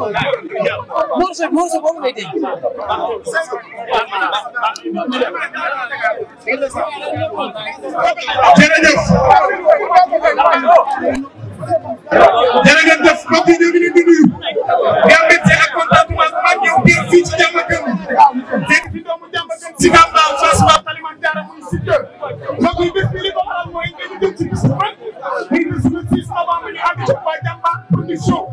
morso morso boobu ngay dégg. jërëjëf. jërëjëf mbokk yi ñoo ngi leen di nuyu. yaa ngi ci ak contentement bu mag ñëw biir fii ci jàmm ak dégg fi doomu jàmm ak si Gambaaw changement alimentaire muy secteur. mbokk yi bés bi li ko waral mooy ñu jëm ci bis bu mag. ñu ngi le 6 novembre ñu ànd ci waa Jàmbaar production.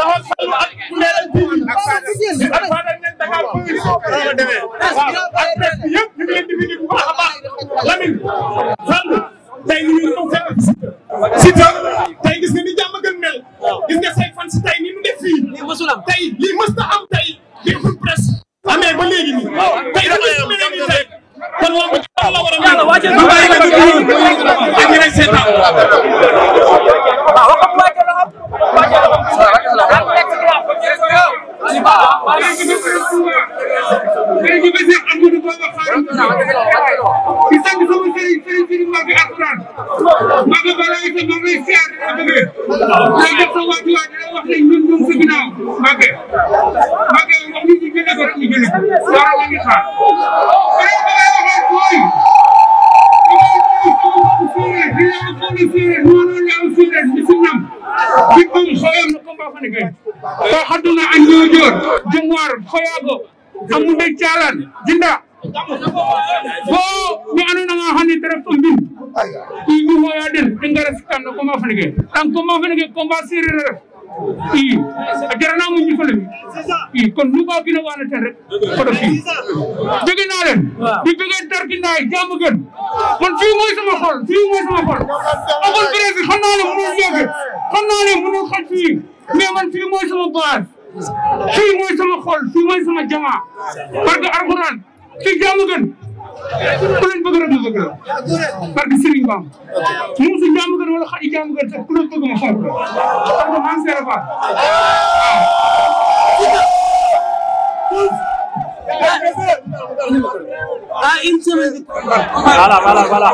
la demee waaw ak presse bi yëpp ñu ngi leen a baax Lamine Saloum tey gën mel gis nga fan si tey ni mu def Amadou Bamba Xaadimu Rasuul di sant sama sëriñ sëriñ sëriñ Mbacke Alxuraan Mbacke Balaye sa moom lay siyaar di la bëggee lay def sa waaj waaj la wax ne ñun ñun sa ginnaaw Mbacke Mbacke wax nit ñi gën a bëri ñu gën a waaw la ngi xaar beneen ba ngay waxaat mooy Bikkum soyam na ko mbaa fa ne kay. Ko xaduna an ñoo joor jëm waar xoyaago amu de jinda bo mi andoonanga xani ta ref o i mi xooya den i ngara sikan no combat fene ke yaam combat fene ke combat sereer a ref i a jarana mu ñifo le i kon nu ba kino waana ten rek fodo fi jege naa leen di jege tarkindaay jaamu gën man fii mooy sama xol fii mooy sama xol oxol presi xam naa ne mënul yegg xam naa ne mënul xaj fii mais man fii mooy sama base fii mooy sama xol fii mooy sama jamaa parce que alxuraan fii jaamu gën ku leen bëgg rek ma bëgg la parce que Serigne Bam muusu jaamu gën wala xaj jaamu gën sax ku leen bëgg ma xol la parce que man seera faa ah une semaine. voilà voilà voilà.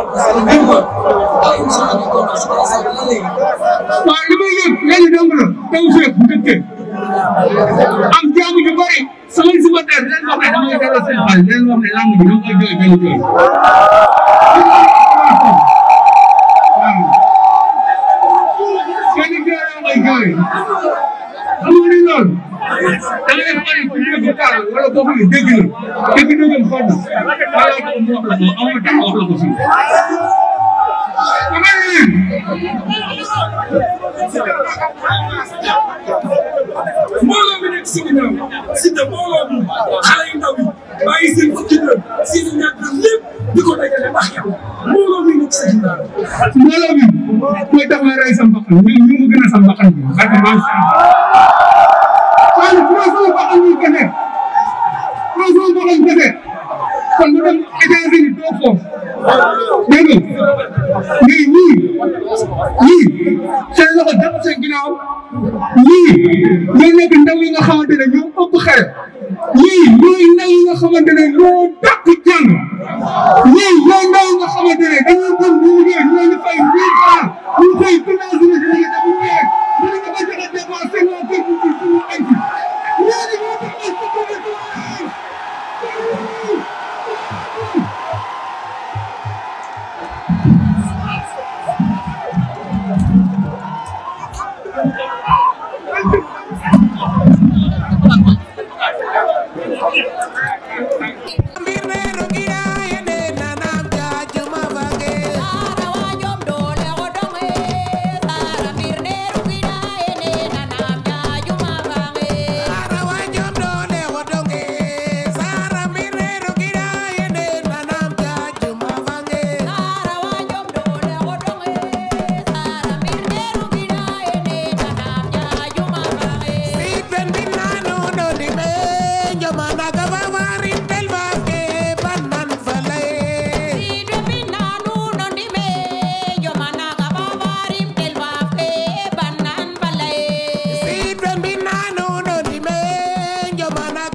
waaw li may yëg léegi donc la taw feeg bu dëkkee. am jaamu ju bëri samay supporter leen wax ne damay delloo seen xel leen wax ne làng bi dama koy jooy benn jooy. benn jooy laa koy jooy amuñu ni loolu da nga def xarit bu ñu taal wala kooku ñu dégg na dégg na ngeen xool wala kooku mu wax la ko amul dara wax la ko fii. Come on in. si ginnaaw si te mbooloo bi xale yu ndaw yi bàyyi seen fukki dërëm si ñu ñàkk lépp di ko dajale ndax yow mbooloo bi nekk si ginnaaw. mbooloo bi mooy tax ma rey sa mbaqan ñu ñu mu gën a sa mbaqan bi parce que maa ngi sant. waaye bu ma sama mbaqan bi kese bu ma sama mbaqan kese kon mu dem États-Unis doo foofu dégg nga mais ñii ñii seen loxo jàpp seen ginnaaw. ñii ñooy nekk ndaw yi nga xamante ne ñoo ëpp xel ñii ñooy ndaw yi ñoo dàq jàng ñii